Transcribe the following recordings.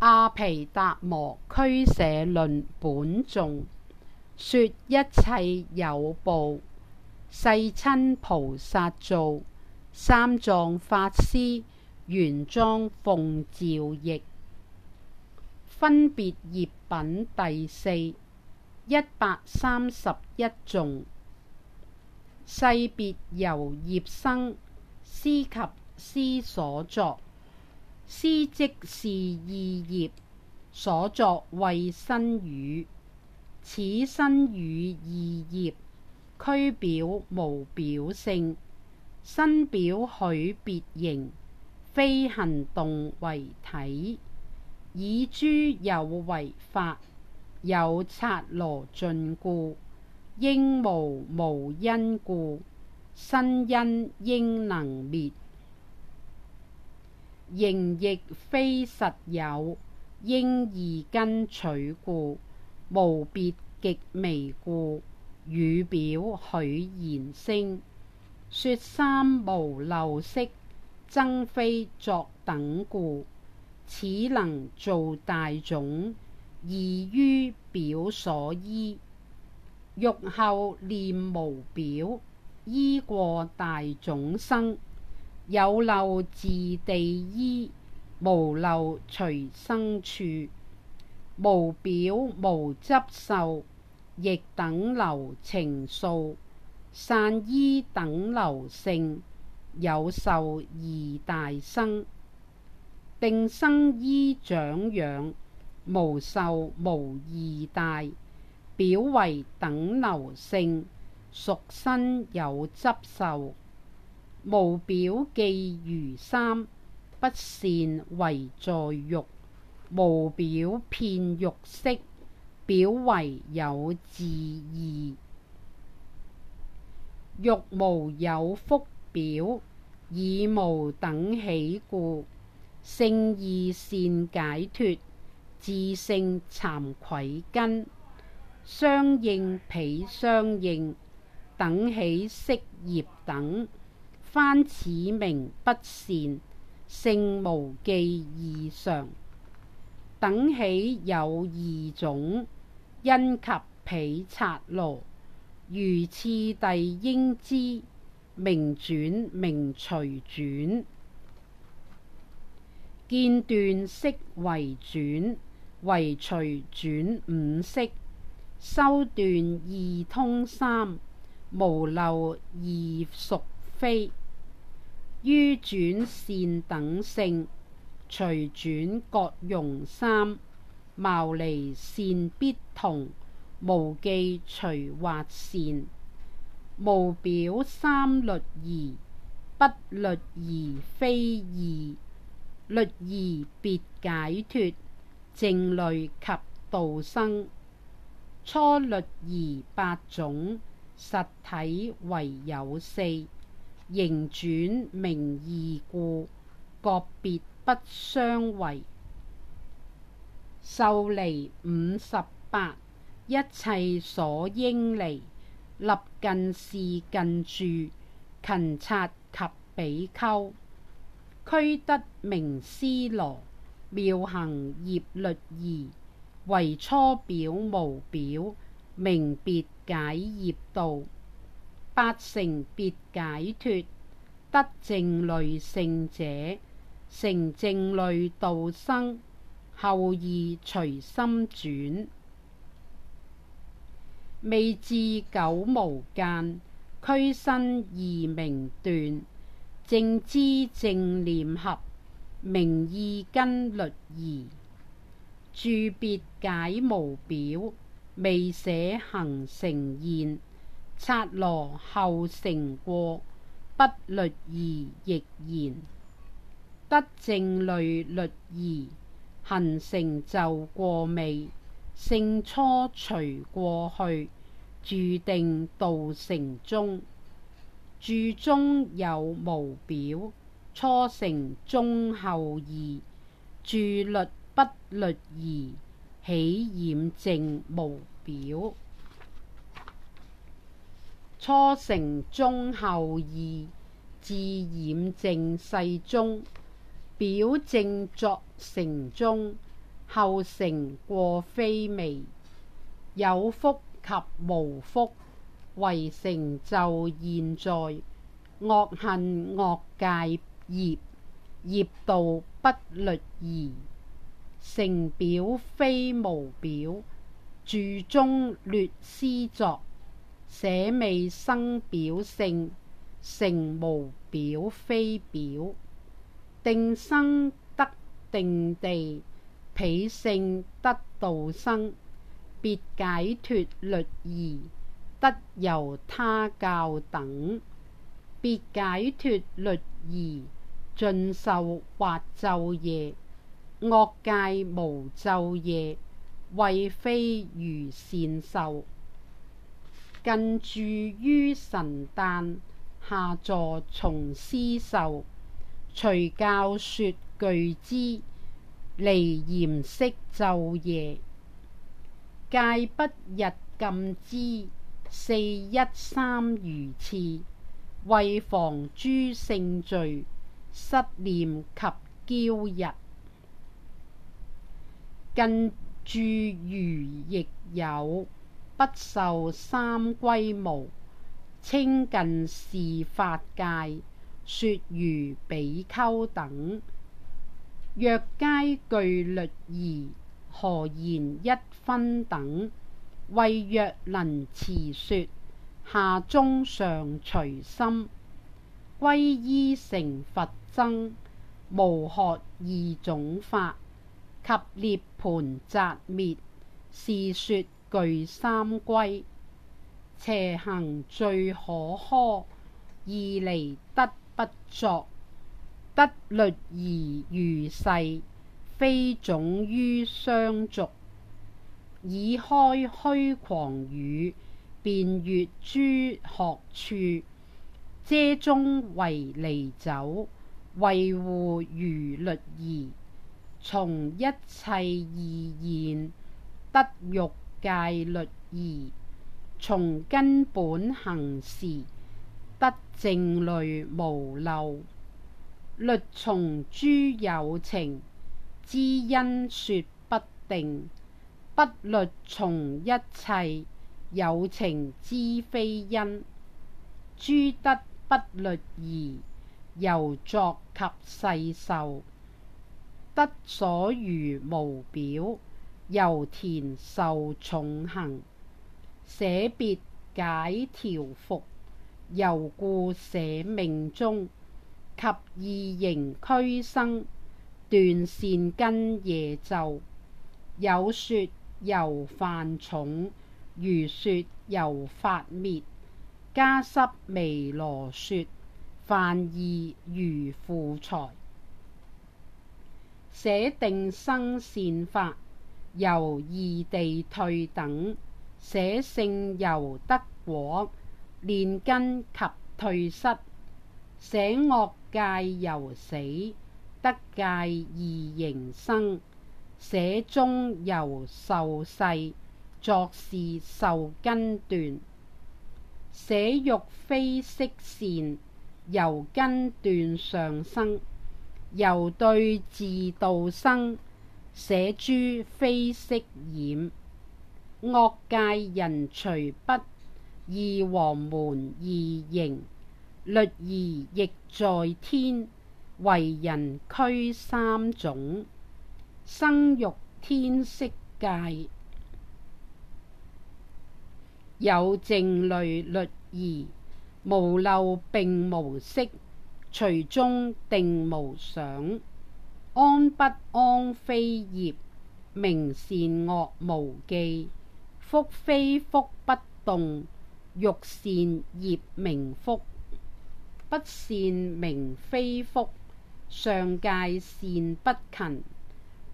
阿毘達磨俱舍論本頌，說一切有部，世親菩薩造，三藏法師玄奘奉詔譯，分別業品第四一百三十一頌。世別由業生，思及思所作。思即是意業所作，謂身語。此身語二業，俱表無表性，身表許別形，非行動為體。以諸有為法，有剎那盡故，應無無因故，生因應能滅。形亦非實有，應二根取故，無別極微故，語表許言聲，說三無漏色，增非作等故，此能造大種，異於表所依，欲後念無表，依過大種生。有漏自地依，無漏隨生處，無表無執受，亦等流情數。散依等流性，有受異大生，定生依長養，無受無異大，表唯等流性，屬身有執受。無表記餘三不善為，唯在欲無表遍欲色，表唯有伺二，欲無有覆表，以無等起故，勝義善解脫，自性慚愧根，相應彼相應，等起色業等。翻此名不善，勝無記二常，等起有二種，因及彼剎那，如次第應知，名轉名隨轉，見斷識唯轉，唯隨轉五識，修斷意通三，無漏異熟非。於轉善等性，隨轉各容三，牟尼善必同，無記隨或善，無表三律儀，不律儀非二，律儀別解脫，靜慮及道生，初律儀八種，實體唯有四。形轉名異故，各別不相違。受離五十八，一切所應離。立近事近住，勤策及苾芻。俱得名尸羅，妙行業律儀。唯初表無表，名別解業道。八成別解脫，得靜慮聖者，成靜慮道生，後二隨心轉。未至九無間，俱生二名斷，正知正念合，名意根律儀，住別解無表，未捨恒成現。剎那後成過，不律儀亦然，得靜慮律儀，恒成就過未，聖初除過去，住定道成中，住中有無表，初成中後二，住律不律儀，起染淨無表。初成中後二，至染淨勢終。表正作成中，後成過非未。有覆及無覆，唯成就現在。惡行惡戒業、業道不律儀，成表非無表，住中劣思作。捨未生表聖，成無表非表；定生得定地，彼聖得道生。別解脫律儀得由他教等，別解脫律儀盡壽或晝夜，惡戒無晝夜，謂非如善受。近住於晨旦下座從師受隨教說具支離嚴飾晝夜戒不逸禁支四一三如次為防諸性罪失念及憍逸近住餘亦有。不受三歸無，稱近事發戒，說如苾芻等，若皆具律儀，何言一分等？謂約能持說，下中上隨心，歸依成佛僧，無學二種法及涅盤擇滅是說。具三歸，邪行最可訶；易離得不作，得律儀如誓，非總於相續。以開虛誑語，便越諸學處，遮中唯離酒，為護餘律儀。從一切二現，得欲。戒律儀從根本恒時，得靜慮無漏。律從諸有情，支因說不定，不律從一切有情，支非因。諸得不律儀，由作及誓受，得所餘無表。由田受重行，捨別解調伏，由故捨命終及二形俱生，斷善根夜晝。有說由犯重，餘說由法滅，迦濕彌羅說犯二如負財，捨定生善法。由易地退等，捨聖由得果，練根及退失；捨惡戒由死得戒二形生，捨中由受勢作事壽根斷，捨欲非色善由根斷上生，由對治道生。捨諸非色染，惡戒人除北二黃門二形，律儀亦在天。唯人俱三種，生欲天色界，有靜慮律儀，無漏并無色，除中定無想。安不安非業，名善惡無記；福非福不動，欲善業名福，不善名非福。上界善不勤，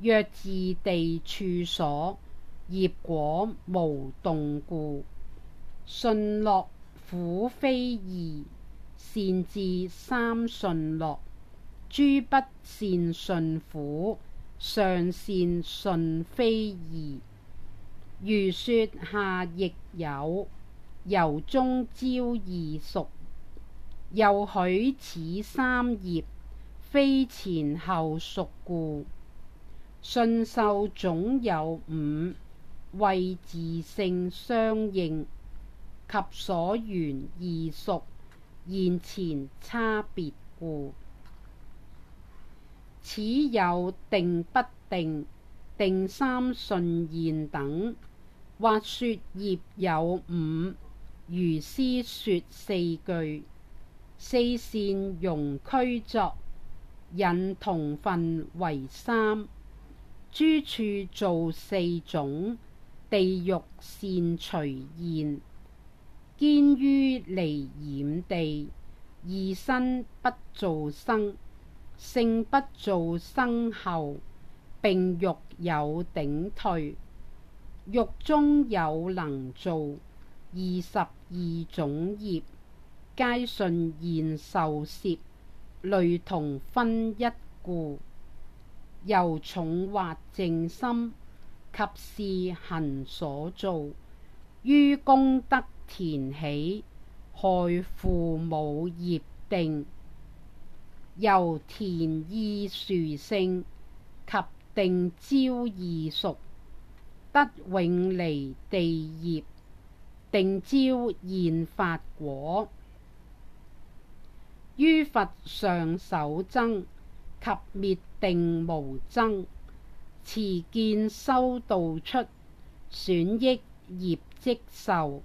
約自地處所業果無動故。順樂苦非二，善至三順樂。諸不善順苦，上善順非二。餘說下亦有，由中招異熟，又許此三業非前後熟故。順受總有五，謂自性相應及所緣異熟，現前差別故。此有定不定，定三順現等。或說業有五，餘師說四句。四善容俱作，引同分唯三。諸處造四種，地獄善除現，堅於離染地，異生不造生。聖不造生後，并欲有頂退，欲中有能造二十二種業，皆順現受攝，類同分一故，由重惑淨心及是恒所造，於功德田起害父母業定。由田意殊勝及定招異熟得永離地業，定招現法果於佛上首僧及滅定無諍，慈見修道出損益業即受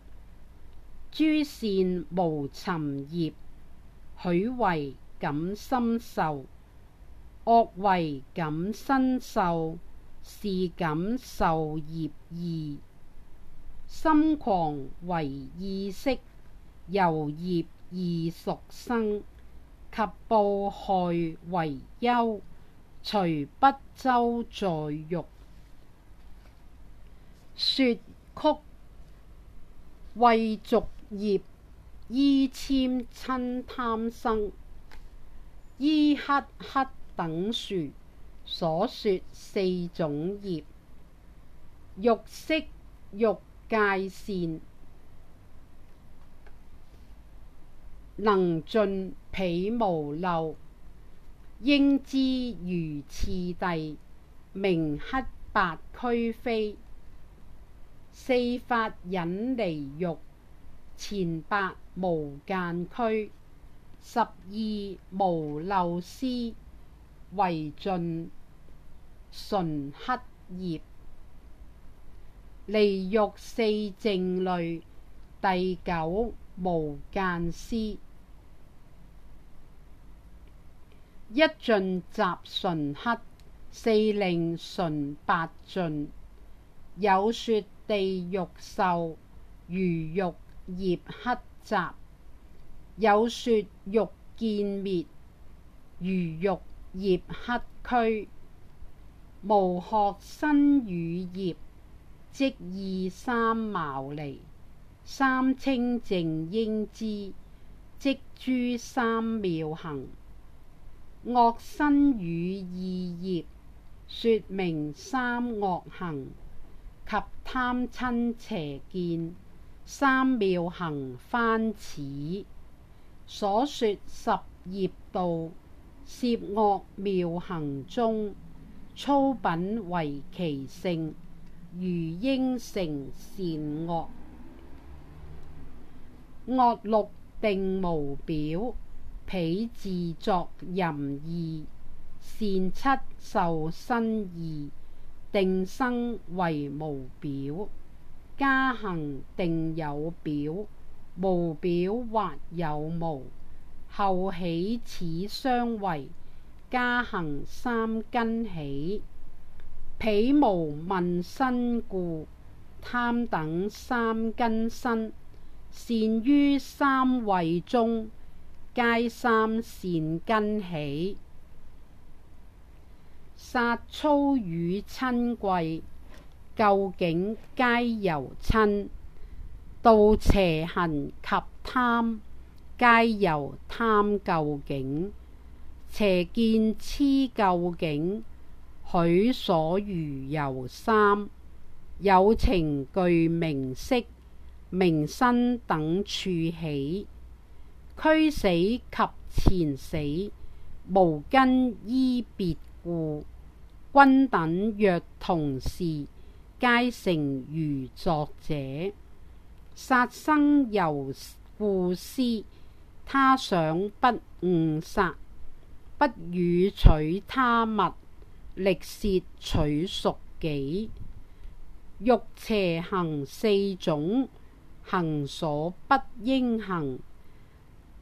諸善無尋業許唯。許感心受惡唯，感身受是感受業異心狂唯意識，由業異熟生及怖害違憂，除北洲在欲說曲穢濁業，依諂瞋貪生。依黑黑等殊，所說四種業，惡色欲界善，能盡彼無漏，應知如次第，名黑白俱非，四法忍離欲，前八無間俱。十二無漏思，唯盡純黑業；離欲四靜慮，第九無間思，一盡雜純黑，四令純白盡。有說地獄受餘欲業黑雜。有說欲見滅餘欲業黑俱。無學身語業，即意三牟尼，三清淨應知，即諸三妙行。惡身語意業說名三惡行及貪嗔邪見三妙行翻此。所說十業道攝惡妙行中麁品為其性，如應成善惡。惡六定無表，彼自作婬二；善七受生二，定生唯無表，加行定有表。無表或有無，後起此相違，加行三根起，彼無間生故，貪等三根生，善於三位中，皆三善根起，殺麁語瞋恚，究竟皆由瞋。盜邪行及貪，皆由貪究竟。邪見癡究竟，許所餘由三，有情具名色、名身等處起，俱死及前死，無根依別故。軍等若同事，皆成如作者。殺生由故思，他想不誤殺，不與取他物，力竊取屬己。欲邪行四種，行所不應行，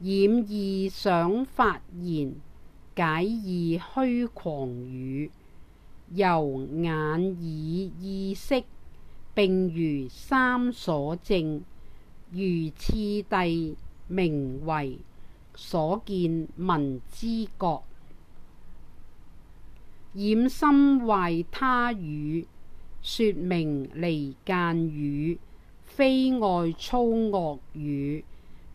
染異想發言，解義虛誑語，由眼耳意識。並餘三所證，如次第名為所見聞知覺，染心壞他語，說名離間語，非愛粗惡語，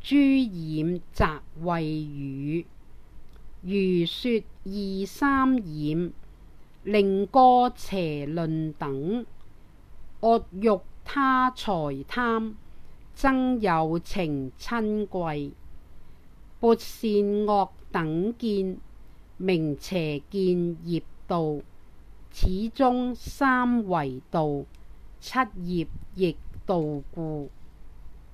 諸染雜穢語，餘說異三染，佞歌邪論等。惡欲他財貪，增有情瞋恚，撥善惡等見，名邪見業道，此中三唯道，七業亦道故，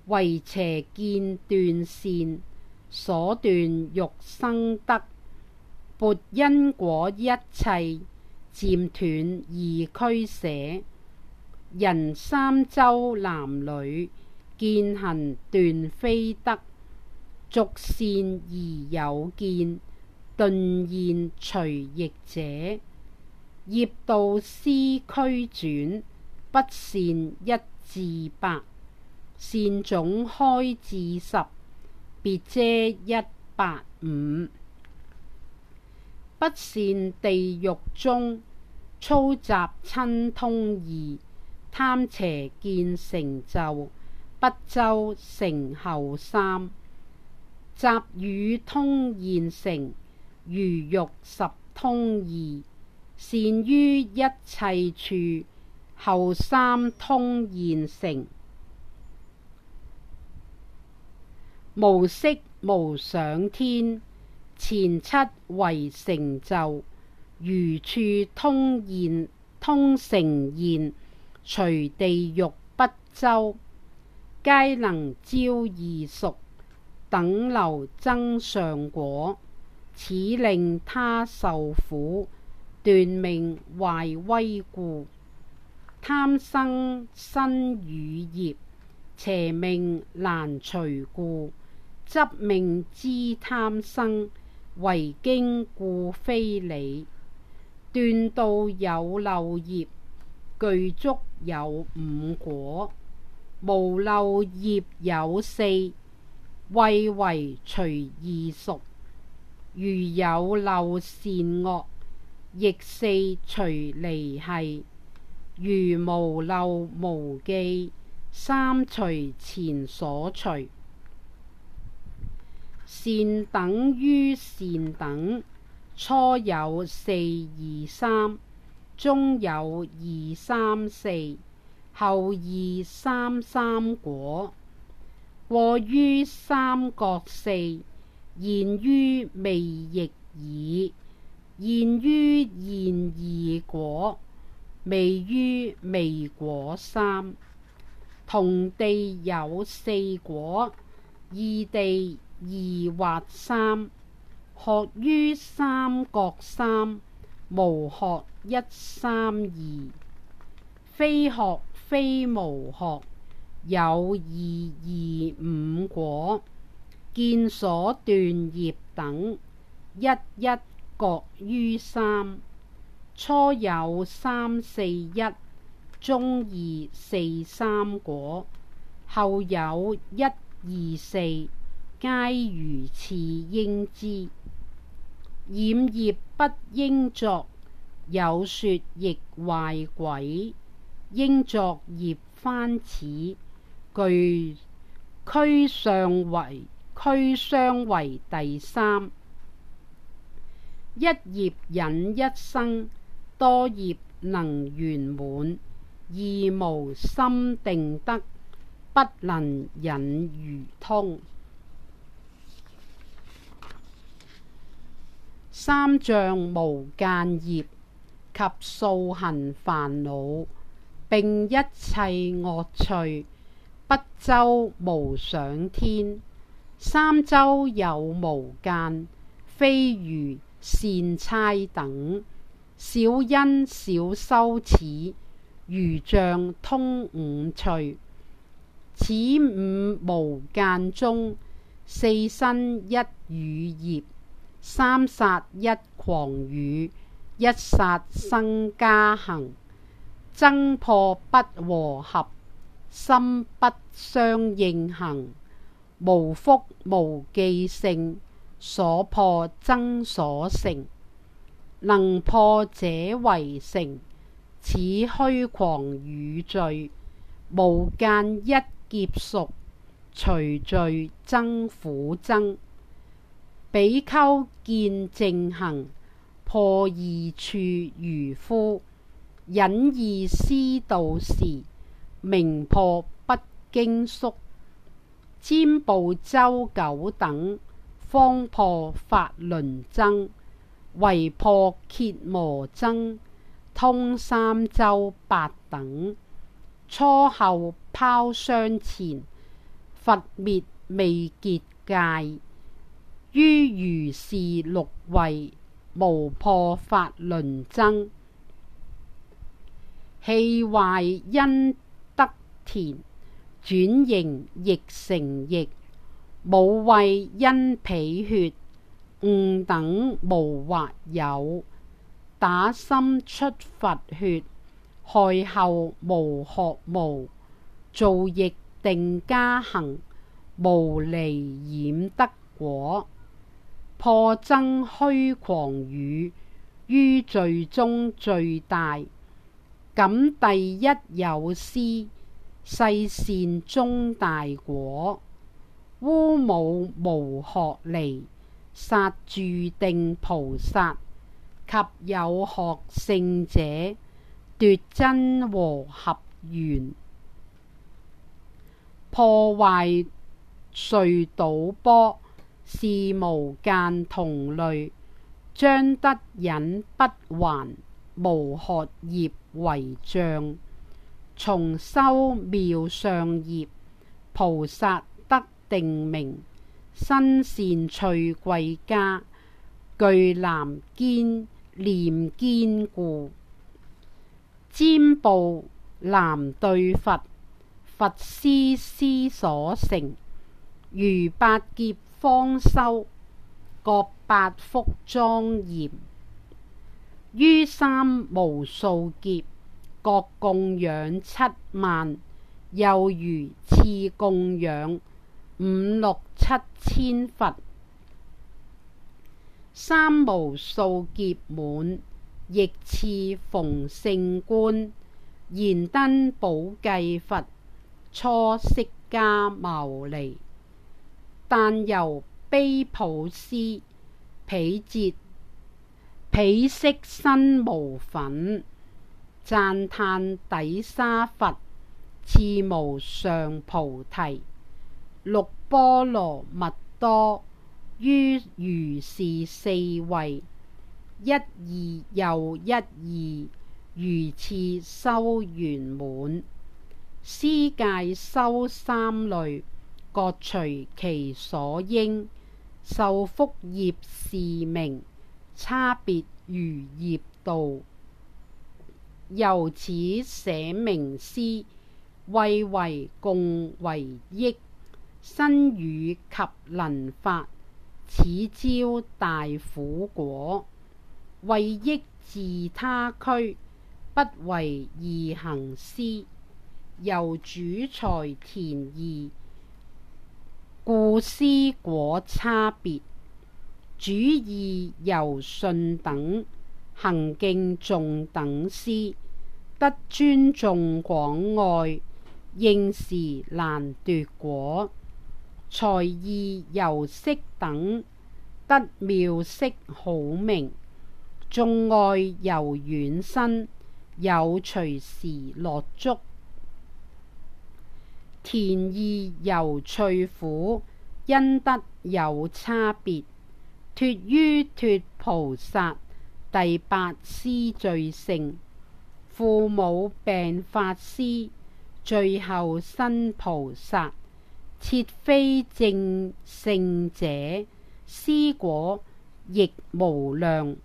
唯邪見斷善，所斷欲生得，撥因果一切，漸斷二俱捨。人三洲男女見行斷非得，續善疑有見頓現除逆者業道思俱轉不善一至八善總開至十別遮一八五不善地獄中粗雜親通二。貪邪見成就，北洲成後三雜語通現成，如欲十通二善於一切處，後三通現成，無色無想天前七為成就，如處通現通成現。隨地欲不周，皆能招異熟，等流增上果。此令他受苦，斷命壞威故。貪生身與業，邪命難除故。執命資貪生，違經故非理。斷道有漏業。具足有五果，無漏業有四，謂唯除異熟；如有漏善惡，亦四除離繫；如無漏無記，三除前所除。善等於善等，初有四二三。中有二三四，後二三三果，過於三國四，現於未亦爾，現於現二果，未於未果三，同地有四果，異地二或三，學於三國三，無學。一三二非學非無學，有二二五果，見所斷業等一一各於三初有三四一，中二四三果，後有一二四，皆如次應知，染業不應作。有說亦壞鬼，應作業翻此。具區上為區，相為第三。一業引一生，多業能圓滿。二無心定得，不能引如通。三障無間業。及數行煩惱，並一切惡趣，北洲無想天，三洲有無間，非如善差等，小因小修此，如像通五趣，此五無間中，四身一語業，三殺一誑語。一殺生加行，僧破不和合，心不相應行，無覆無記性，所破僧所成，能破者為成，此虛誑語罪，無間一劫熟，隨罪增苦增，苾芻見淨行。破異處愚夫，忍異師道時，名破不經宿，贍部洲九等，方破法輪僧，唯破羯磨僧，通三洲八等，初後皰雙前，佛滅未結界，於如是六位。無破法輪僧，氣壞因得田轉形亦成逆，無畏因脾血誤、嗯、等無或有，打心出佛血害後無學無造逆定加行無離染得果。破僧虛誑語，於罪中最大。感第一有思，世善中大果。污母無學尼，殺住定菩薩及有學聖者，奪僧和合緣，破壞窣堵波。是無間同類，將得忍不還，無學業為障，從修妙相業，菩薩得定名，生善趣貴家，具男堅念堅固，贍部男對佛，佛思思所成，如八劫。方修各八福莊嚴，於三無數劫各供養七萬，又如次供養五六七千佛，三無數劫滿，亦次逢勝觀燃燈寶髻佛，初釋迦牟尼」。但由悲普施，彼節彼色身無粉，讚嘆底沙佛，次無上菩提，六波羅蜜多，於如是四位，一二又一二，如次修圓滿，施戒修三類。各隨其所應受福業，是名差別如業道，由此捨名施，謂為共為益，身語及能法，此招大苦果，為益自他區，不為二行施，由主財田異。故施果差別，主異由信等行敬重等施，得尊重廣愛，應時難奪果；財異由色等得妙色好名，眾愛柔軟身有隨時樂觸。田異由趣苦，恩德有差別。脱於脱菩薩，第八施最勝。父母病法師，最後身菩薩，設非證聖者。施果亦無量。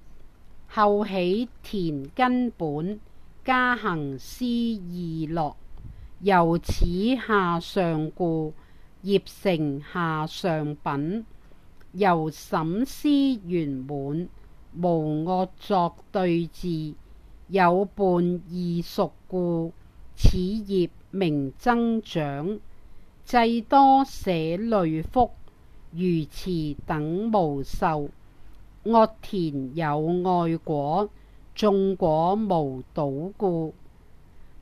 後起田根本，加行思意樂。由此下上故，業成下上品，由審思圓滿無惡作對治，有伴異熟故，此業名增長，制多捨類福，如慈等無受，惡田有愛果，種果無倒故。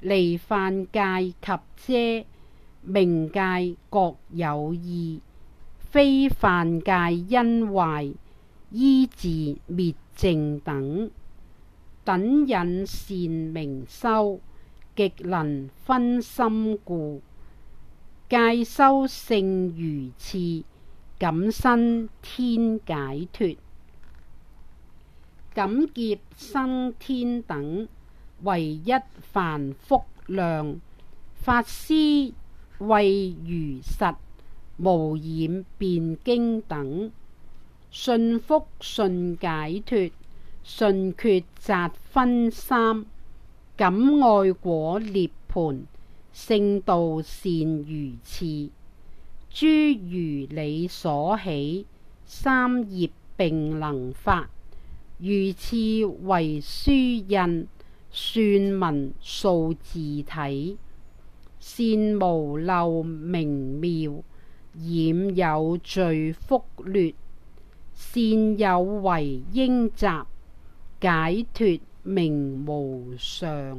離犯戒及遮名戒各有二，非犯戒因壞依治滅淨等等引善名修，極能熏心故戒修勝如次感生天解脫感劫生天等。唯一凡福量，法施謂如實無染辯經等。順福順解脫順決擇分三，感愛果涅盤聖道善，如次。諸如理所起三業，並能發如次為書印。算文數字體，善無漏名妙，染有罪覆劣，善有為應習，解脫名無上。